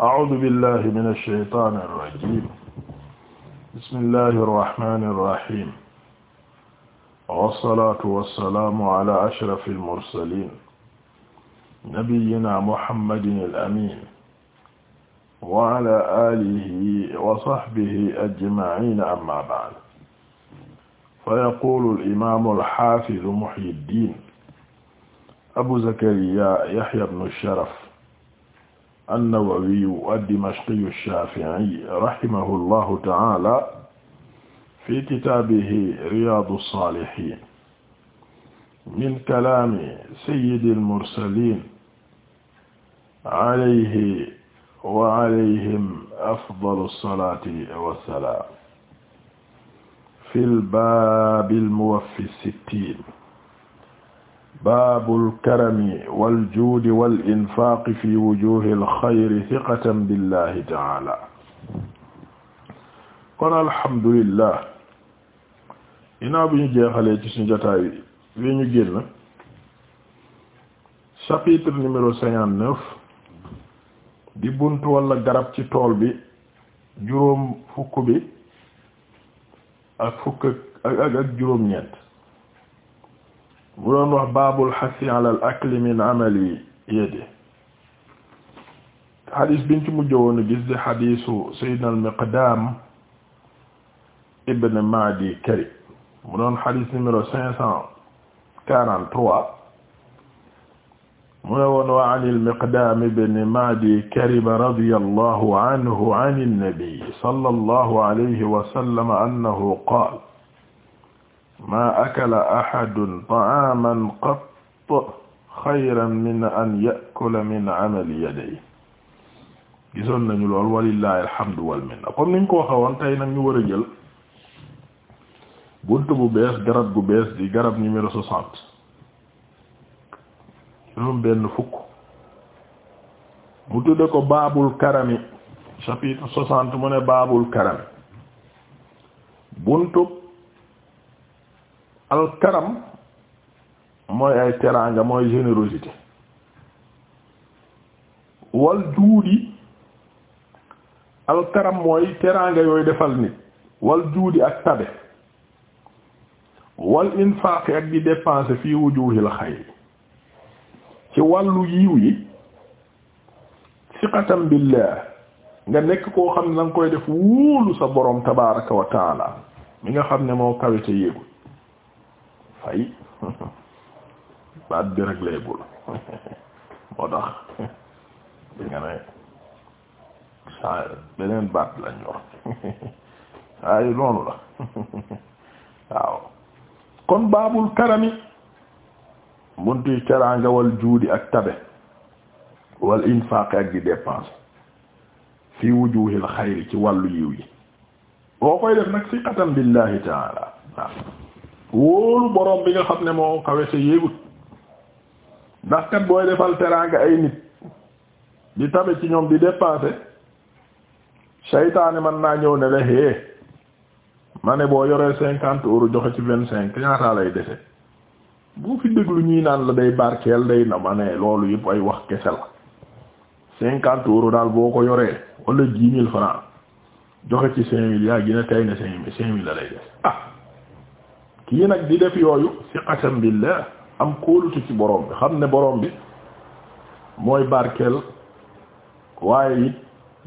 أعوذ بالله من الشيطان الرجيم بسم الله الرحمن الرحيم والصلاة والسلام على أشرف المرسلين نبينا محمد الأمين وعلى آله وصحبه أجمعين أما بعد فيقول الإمام الحافظ محي الدين أبو زكريا يحيى بن الشرف an-Nawawiyu ad-Dimashqiyu ash-Shafi'i rahimahu llahu ta'ala fi kitaabihi Riyaadu s-Saalihiin min kalaami sayyidil mursaliin alayhi wa alayhim afdalu s-salaati wa s-salaam fil baabil muwaffi s-sittiin baabul karami wal juudi wal infaaqi fi wujuuhil xayri siqatan billaahi ta'aala kon alhamdulillah inaa bu ñu jeexalee ci suñu jotaay wi ñu génn chapitre numéro cinquante di bunt walla garab ci tool bi juróom fukk bi ak fukk ak ak juróom ñeent bu doon wax baabul xasi ala al akli min amali yadi xadis biñ ci mujj woon a gis di xadisu sayyidina al miqdaam ibn maadi kari mu doon xadis numéro cinq cent quarante trois mu ne woon wa an al miqdaam ibn maadi kariba radiyallahu anhu an an nabi sallallahu alayhi wa sallam annahu qaala maa akala ahadun ta'aaman qatt xayran min an ya'kula min amali yadayhi gisoon nañu lool walillahi alhamdu wal minna comme niñ ko waxewoon tey nag ñu war a jël bunt bu bees garab gu bees di garab numéro soixante juróom benn fukk mu tudde ko baabul karami chapitre soixante mu ne baabul karami buntu alkaram mooy ay teraanga mooy générosité wal juudi alkaram mooy teraanga yooyu defal nit wal juudi ak tabe wal infaaqi ak di dépenser fii wujuhil xayri ci wàllu yiw yi siqatan billah nga nekk koo xam ne da nga koy def wóolu sa borom tabaraka wa taala mi nga xam ne moo kawe yéegul fay baat bi rek léegul moo tax di nga ne beneen baat lañ yor noonu la waaw kon baabul karami buntuy teraanga wal juudi ak tabe wal infaaq ak di dépense fi wujuhil xayri ci wàllu yiw yi boo koy def nag siqatan billahi taala wóolu borom bi nga xam ne moo kawe sa yéegut ndax kat booy defal teraanga ay nit di tabe ci ñoom di dépenser seytaane man naa ñëw ne la hee ma ne boo yoree cinquante euros joxe ci vingt cinq ñaata lay dese boo fi déglu ñii naan la day barkeel day na ma ne loolu yëpp ay wax kese la cinquante euros daal boo ko yoree wala dix mille francs joxe ci cinq mille yaa gina tay ne cinq mille cinq lay dese ah! kii nag di def yooyu siqatan billah am kóolute ci borom bi xam ne borom bi mooy barkeel waaye it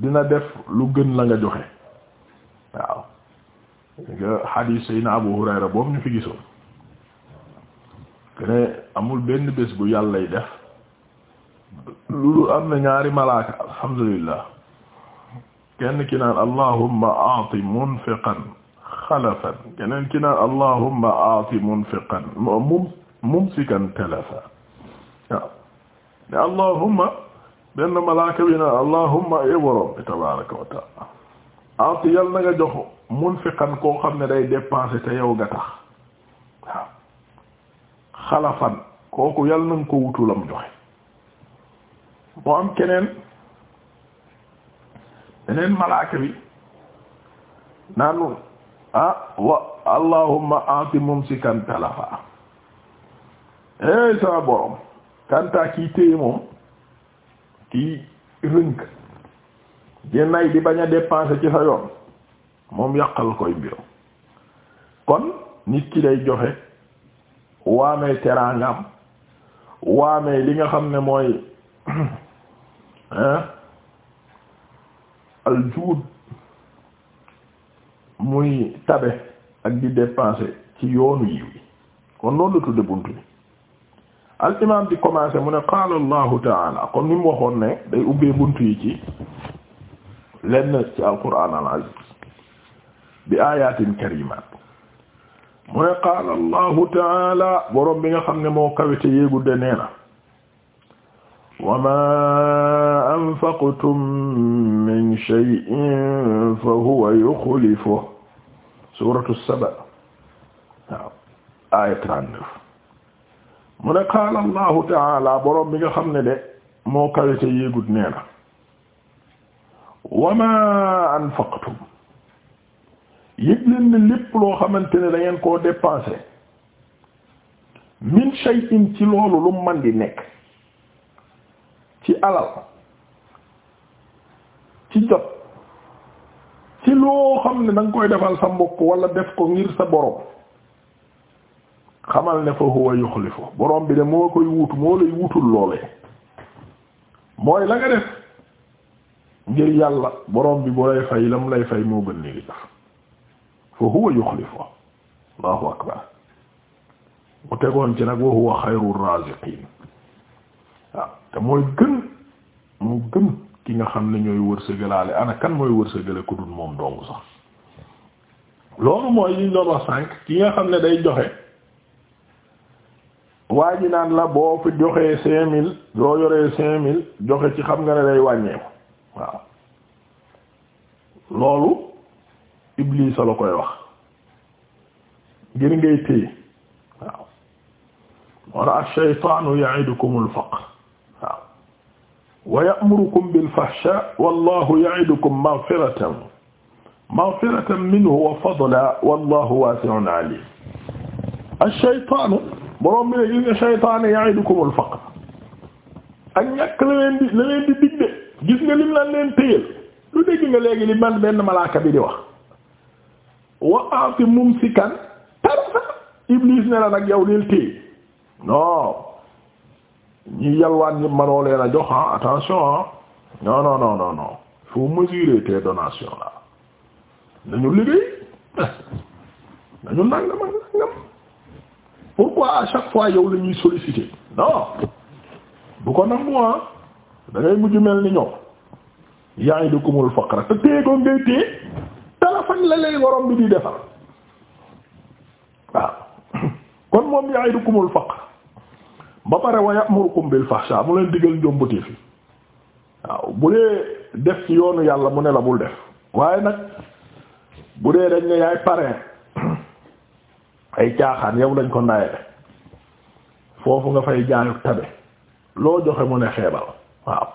dina def lu gën la nga joxe waaw nga xadiis sayna Abu Hurayra boobu ñu fi gisoon kene amul benn bés bu yàllay def loolu am na ñaari malaaka alhamdulillah kenn ki naan allahumma aati munfiqan xalafan keneen ki na allahumma aati munfiqan mumsikan talafa waaw ne allahumma benn malaaka bi na allahumma e borom bi tabaraka aati yal na nga munfiqan koo xam ne day dépenser te yow nga tax waaw kooku yal na nga ko wutulam joxe moo am keneen beneen malaaka bi naanu ah wa allahumma a'ti mumsikan talafa eey sa borom kantaa kii téye moom kii rënk génnay di bañ a dépenser ci sa yoon moom yàqal koy mbiram kon nit ki day joxe waamee teraangam waamee li nga xam ne mooy al juud muy tabe ak di dépenser ci yoonu yiw yi kon loolu la tudde buntu bi al imam di commencer mu ne qaala allahu taala kon ni waxoon ne day ubbee buntu yi ci lenn ci al quraan al aziz bi ayatin karimat mu ne qaala allahu taala borom bi nga xam ne moo kawite yéegudde nee na wa anfaqtum min shay'in fa huwa yukhlifuhu suratu saba waaw aya 39 mu ne qaala allahu taala boroom bi nga xam ne de moo kawite yéegut nee na wama anfaqtum yëg ne lépp loo xamante ne dangeen koo dépensé min shay'in ci loolu lu man di nekk ci alal ci jot ci loo xam ne da koy defal sa mbokk wala def ko ngir sa borom xamal ne fa huwa yuxlifu borom bi de moo koy wutu moo lay wutul loolee mooy la nga def ngir yàlla borom bi bu lay fay la mu lay fay moo gën ni li def fa huwa yuxlifu allahu akbar mu tegoon ci nag wa huwa xayru raziqin waaw te mooy gën moo gën ki nga xam ne ñooy wërsëgalaale ana kan mooy wërsëgale ku dul moom dong sax loolu mooy liñ doon wax sànq ki nga xam ne day joxe waa ji naan la boo fi joxee cinq mille yoo yoree cinq mille joxe ci xam nga ne day wàññeeku waaw loolu Iblis la koy wax ngir ngay téye waaw wala ash-shaytaanu ya'idukumul faqr wa ya'murukum bil fahsha wallahu ya'idukum maghfiratan maghfiratan minhu wa fadlan wallahu wasi'un 'alim ash-shaytaanu borom bi ne gis nga shaytaanu ya'idukumul faqr ak ñàkk la leen di la leen di digde gis nga lim lan leen téyal li man benn malaaka bi di wax wa a'ti mumsikan tarfa iblis ne la nag yow lil téye ñi yalwaan ñi manoo leen a jox ah, attention ah non non non non non faut mesurer tes donations nañu liggéey nañu nangam ak nangam pourquoi à chaque fois yow la ñuy solliciter bu ko nangu ah da mujj mel ni ñoom yaa ngi dëkkumul faqra te téye ko ngay téye téléphone la lay waroon bi di defar waaw kon moom yaa ngi dëkkumul faqra ba pare wa ya'murukum bil fahsha mu leen digal njombuti fi waaw bu dee def ci yoonu yàlla mu ne la bul def waaye nag bu dee dañ ne yaay parrain ay caaxaan yow lañ ko ndayele foofu nga fay jaayu tabe loo joxe mu ne xeebal waaw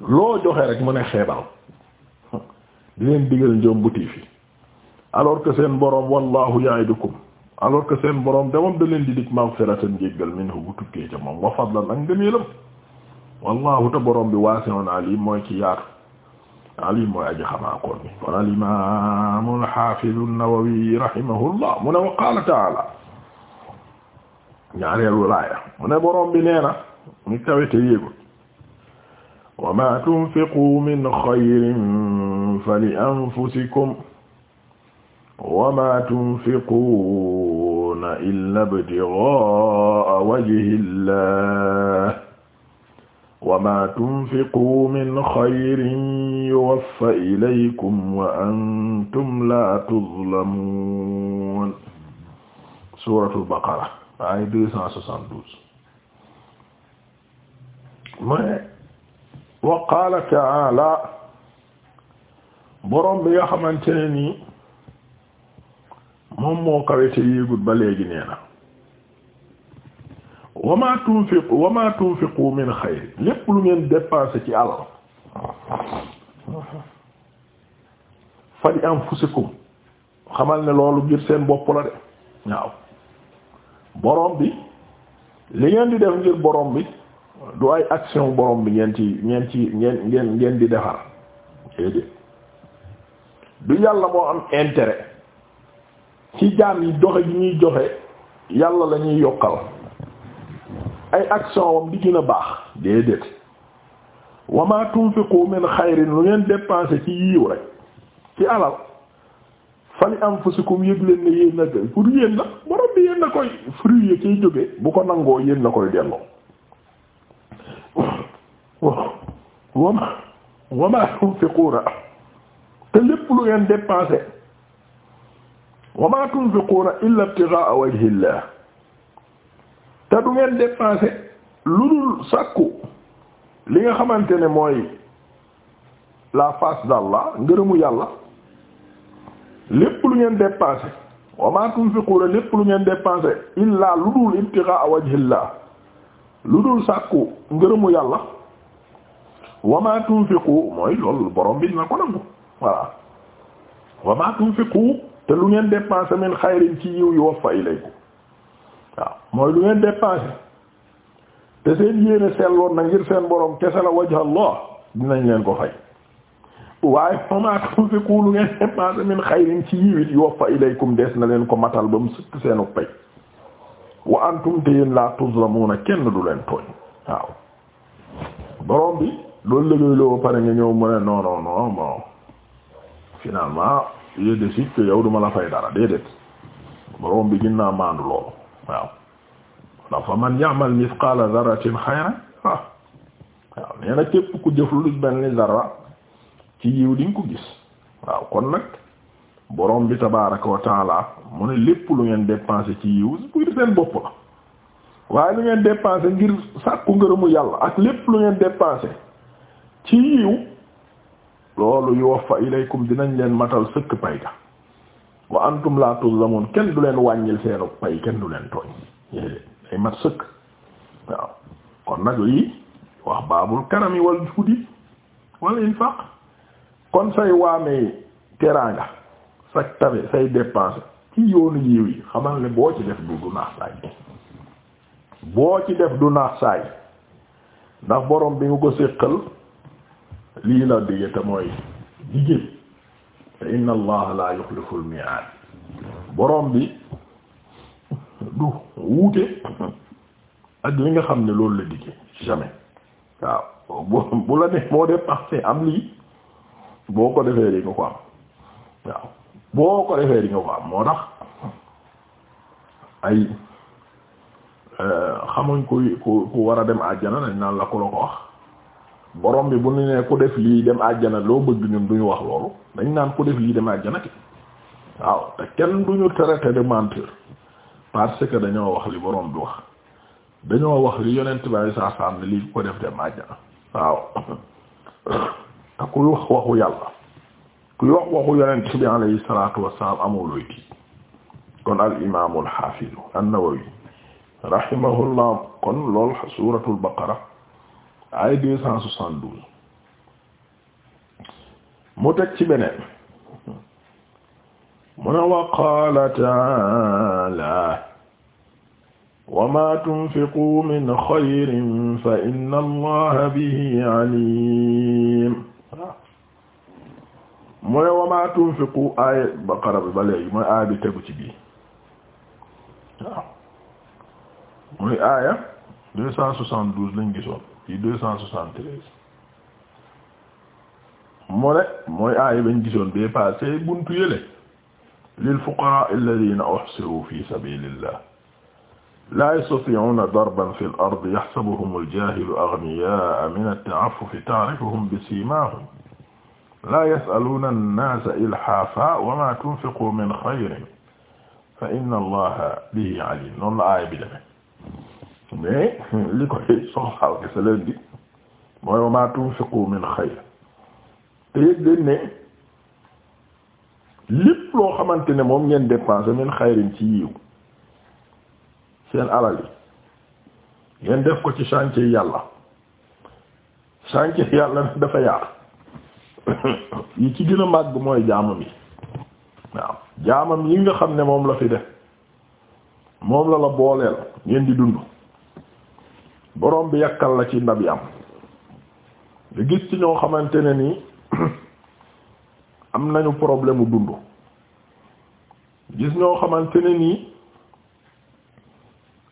loo joxe rek mu ne xeebal di leen digal njombuti fi alors que seen boroom wallahu ya'idukum alors que seen borom de moom da leen di dig maghfiratan jéggal minhu bu tukkee ca moom wa fadlan ak ngëneelam wallahu te borom bi waasi'un alim mooy ci yaatu alim mooy aji xamaa koon bi kon al imam al hafiz an-Nawawi rahimahullah mu ne wa qaala ta'ala ñaareelu laaya mu ne borom bi nee na ñu tawete yéegul wa ma tunfiqu min xayrin fa li anfusikum wa ma tunfiqu ya'maluuna illaa ibtighaa'a wajhi llaah wa maa tunfiquu min xayrin yuwaffa ilaykum wa antum laa tuzlamuun suuratul baqara aaya 272 wa qaala ta'aalaa boroom bi nga xamante ne nii moom moo kawe te yéegut ba léegi nee na wama tunfiqu wama tunfiqu min xayri lépp lu ngeen dépensé ci alal fa li anfusikum xamal ne loolu ngir seen bopp la de waaw borom bi li ngeen di def ngir borom bi du ay action borom bi ngeen ci ngeen ci ngeen ngeen di defar déedéet du yàlla moo am intérêt ci jaam yi doxe gi ñuy joxe yàlla la ñuy yokkal ay action wam di gën a baax déedéet wa ma tunfiqu min xayrin lu ngeen dépenser ci yiw rek ci alal fali anfusikum yëg leen ne yéen na pour yéen la borom bi yéen na koy fruit yi ciy jóge bu ko nangoo yéen na koy delloo wa ma wa te lépp lu ngeen dépenser wa ma tunfiquuna illa ibtigha'a wajhillah te du ngeen dépenser lu dul sàkku li nga xamante ne mooy la face d'Allah ngërëmu yàlla lépp lu ngeen dépenser wa ma lépp lu ngeen dépenser illa lu dul ibtigha'a wajhillah lu dul sàkku ngërëmu yàlla wa ma mooy loolu borom bi dina ko nangu voilà wa te lu ngeen dépensé min xayrin ci yiw yu waffa ilayku waaw mooy lu ngeen dépensé te seen yéene selloon na ngir seen boroom kese la wajha Allah dinañ leen ko fay waaye fama tunfiqu lu ngeen dépensé min xayrin ci yiw it yu waffa ilaykum des na leen ko matal ba mu sëkk seenu pay wa antum te yéen la tuzlamuna kenn du leen tooñ waaw borom bi loolu liggéey loo pare nga ñëw mu ne non non je décide que yow duma la fay dara déedéet borom bi gën naa maandu loolu waaw ndax man ya'mal mithqala dharratin khayran waaw ah. waaw nee képp ku jëf lu mel ni dara ci yiw di ko gis waaw kon nag borom bi tabaaraka wa mu ne lépp lu ngeen dépensé ci yiw pour seen bopp la waaye lu ngeen dépensé ngir sàkku ngërëmu yàlla ak lépp lu ngeen dépensé ci yiw loolu yuwaffa ilaykum dinañ leen matal sëkk pay ga wa antum la tuzlamun kenn du leen wàññil seenu pay kenn du leen tooñ eh, day mat sëkk waaw kon nag lii wax baabul karami wal wal infaq kon say waamee teraanga sa tabe say dépense ci yoonu yiw yi xamal ne boo ci def du du naax saay boo ci def du naax saay ndax borom bi nga ko séqal lii la digge te mooy jigéen te inna allaha la yuxlifu al mi'ad borom bi du wuute ak li nga xam ne loolu la digge jamais waaw bu la ne boo def parfait am lii boo ko defee di nga ko am waaw boo ko defee di nga ko am moo tax ay euh, xamuñ ku ku ku war a dem àjjana dañ naan la ku la ko wax borom bi bu ñu nee ku def lii dem àjjana loo bëgg ñun duñu wax loolu dañ naan ku def lii dem àjjana ki waaw te kenn duñu traité de menteur parce que dañoo wax li borom bi wax dañoo wax li yonent bi saa saa am ne lii ko def dem àjjana waaw te kuy wax waxu yàlla kuy wax waxu yonent bi alayhi salaatu wassalaam amoo looy tiit kon al imaamul xaafizu an-Nawawi rahimahullah kon lool suuratul baqara ay deux cent soixante mu teg ci beneen wa qaala ta'aala wa maa tunfiquu min xayrin fa inna bihi aliim mu wa maa tunfiquu aaya baqara bi ba léegi bi tegu ci bii waaw deux cent soixante douze lañ gisoon ci deux cent soixante treize mu ne mooy aaya bañ gisoon bee passé buntu yële lil fuqaraa alladhiina uhsiru fi sabiilillah laa yastati'uuna darban fil ardi yahsabuhumul jaahilu aghniyaa mina at-ta'affufi ta'rifuhum bisiimaahum laa yas'aluuna an-naasa ilhaafaa wa maa tunfiquu min khayrin fa inna allaha bihi aliim noonu la aaya bi demee mais li koy soxlaaw gisa leen di mooy wa ma tunfiqu min xayr te yëg leen ne lépp loo xamante ne moom ngeen dépensé min xayrin ci yiw seen alal yi ngeen def ko ci yi yàlla chantier yàlla nag dafa yaar yi ci gën a màgg mooy jaamam yi waaw jaamam yi nga xam ne moom la fi def moom la la booleel ngeen di dund borom bi yàkkal la ci ndab yi am nga gis ci ñoo xamante ne ni am nañu problème mu dund gis ñoo xamante ne ni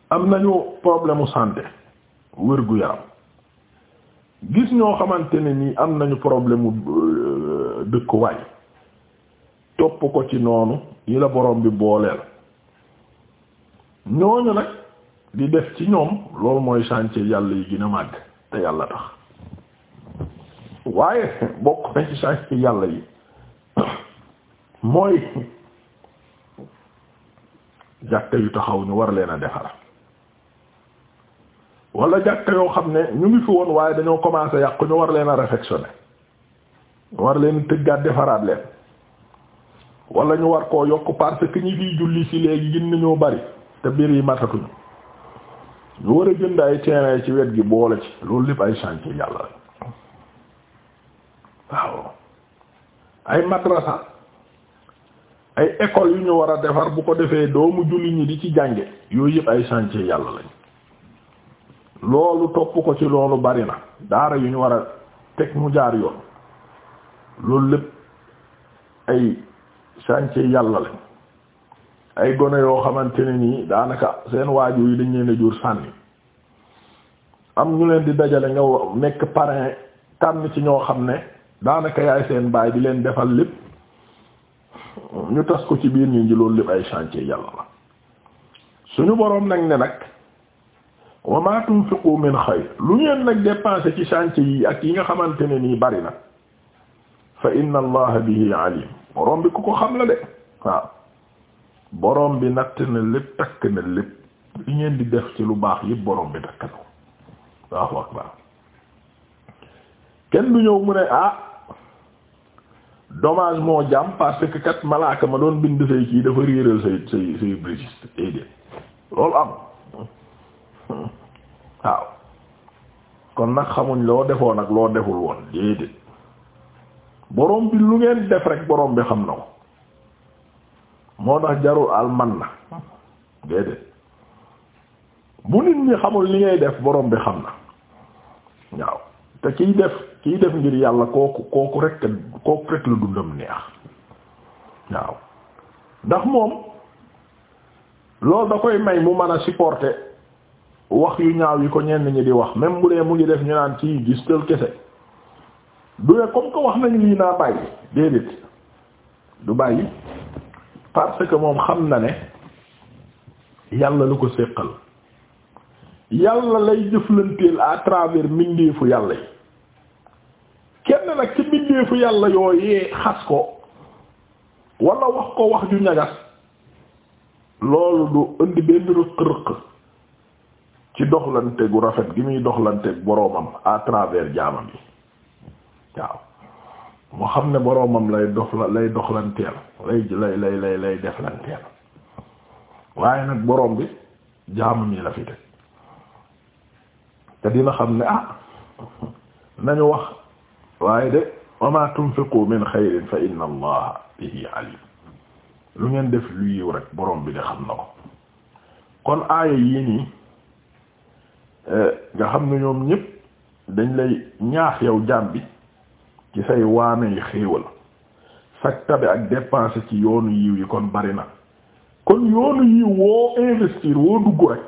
am nañu problème mu santé wérgu yaram gis ñoo xamante ne ni am nañu problème mu euh, dëkkuwaay topp ko ci noonu yi la borom bi booleel ñooñu nag. di def ci ñoom loolu mooy chantier yàlla yi gën a màgg te yàlla tax waaye bokk na ci yàlla yi mooy jàkka yu taxaw ñu war leen a defar wala jàkka yoo xam ne ñu ngi fi woon waaye dañoo commencé yàqu ñu war leen a réfectionner war leen tëggaat defaraat leen wala ñu war koo yokk parce que ñi fiy julli ci léegi gën nañu bari te biir yi matatuñu ñu war a jënd ay terrain ci wet gi boole ci loolu lépp ay chantier yàlla la waaw ay madrasa ay école yu ñu war a defar bu ko defee doomu julli ñi di ci jànge yooyu yëpp ay chantier yàlla lañ loolu topp ko ci loolu bari na daara yu ñu war a teg mu jaar yoon loolu lépp ay chantier yàlla lañ ay gone yoo xamante ne nii daanaka seen waajur yi dañ leen a jur sànni am ñu leen di dajale nga nekk parrain tànn ci ñoo xam ne daanaka yaay seen baay di leen defal lépp ñu tas ko ci biir ñu ji loolu lépp ay chantier yàlla la suñu boroom nag ne nag wa ma tunfiqu min xayr lu ngeen nag dépenser ci chantier yi ak yi nga xamante ne nii bari na fa inna allaha bihi alim boroom bi ku ko xam la de waaw borom bi natt na lépp takk na lépp li ngeen di def ci lu baax yépp borom bi takk na waaw kenn du ñëw mu ne ah, moo jàmm parce que ma doon bind say kii dafa réeral say say waaw kon nag xamuñ loo defoon ak loo deful woon déedéet borom bi lu ngeen def rek borom bi xam na ko moo tax jarul alman man na déedéet bu nit ñi xamul li ngay def borom bi xam na waaw te kiy def kiy def ngir yàlla kooku kooku rek kooku rek la dundam neex waaw ndax moom loolu da koy may mu mën a supporter wax yu ñaaw yi ko ñenn ñi di wax même bu dee mu ngi def ñu naan ci gis tël kese du ne comme que wax nañu lii naa bàyyi déedéet du bàyyi parce que moom xam na ne yàlla lu ko séqal yàlla lay jëflanteel à travers mbindeefu yàlla yi kenn nag ci mbindeefu yàlla yooyee xas ko wala wax ko wax ju ñagas loolu du indi benn rëq-rëq ci doxlante gu rafet gi muy doxlante boroomam à travers jaamam yi waaw mu xam ne boroomam lay dox lay doxlanteel lay lay lay lay lay deflanteel waaye nag boroom bi jaamam yi la fi te dina xam ne ah nañu wax waaye de wa ma tunfiqu min xayrin fa inna allaha bihi alim lu ngeen def lu yiw rek boroom bi de xam na ko kon aaya yii nii eh, nga xam ne ñoom ñépp dañ lay ñaax yow jaam bi ci say waamey xéewal sag tabe ak dépenser ci yoonu yiw yi kon bari na kon yoonu yiw woo investir woo dugg rek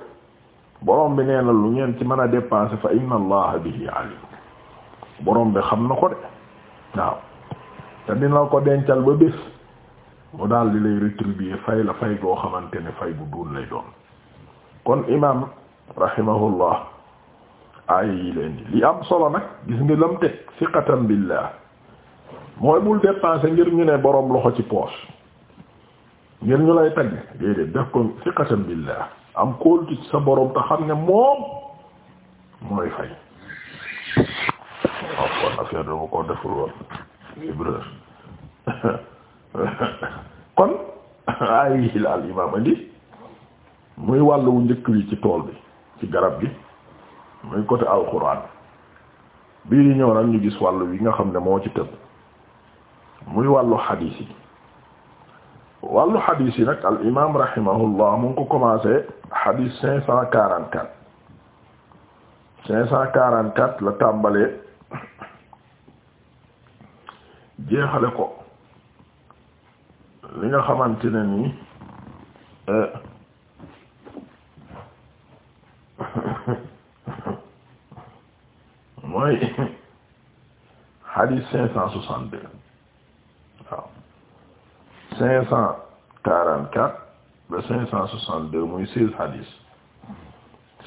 borom bi nee na lu ngeen ci man a dépenser fa inna allaha bihi alim borom bi xam na ko de waaw te dina ko dencal ba bés mu daal di lay rétribuer fay la fay goo xamante ne fay bu duun lay doon kon imam rahimahullah ay leen li am solo nag gis nga lam teg siqatan billah mooy bul dépenser ngir ñu ne boroom loxo ci poche ngir ñu lay tagg déedéet def ko siqatan billah am kóoltu sa boroom te xam ne moom mooy fay oh, kon affaire dama ko deful woon kon ay andi muy wàllu njëkk li ci tool bi ci garab gi muy côté alquran bii di ñëw nag ñu gis wàll bi nga xam ne moo ci tëb muy wàllu xadiis yi wàllu xadiis yi nag al imaam rahimahullah mu ko commencé xadiis cinq cent quarante quatre cinq cent quarante quatre la tàmbalee jeexale ko li nga xamante ne nii eh, mooy hadith cinq cent soixante deux waaw cinq cent quarante muy seize hadith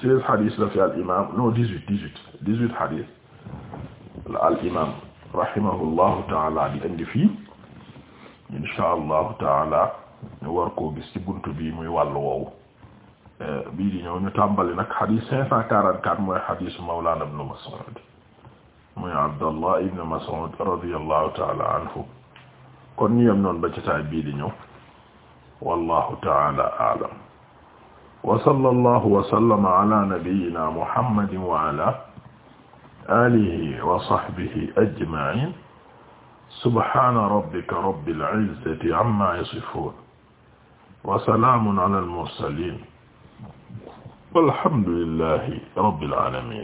seize hadith la fi al imam non dix huit dix huit dix la al imam rahimahullahu taala di indi fii insha allahu taala ñu war koo buntu bi muy wàllu woowu eh, bii di ñëw ñu tàmbali nag hadith cinq cent quarante mooy hadith Mawlana ibn Mas'ud muy Abdallah ibn Mas'ud radiyallahu ta'ala anhu kon ñu yem noonu ba ci taay bii di ñëw wallahu ta'ala a'lam wa sallallahu wa sallama ala nabiyyina muhammadin wa ala alihi wa sahbihi ajma'in subhana rabbika rabbil izzati amma yasifun wa salamun ala al mursalin walhamdulillahi rabbil alamin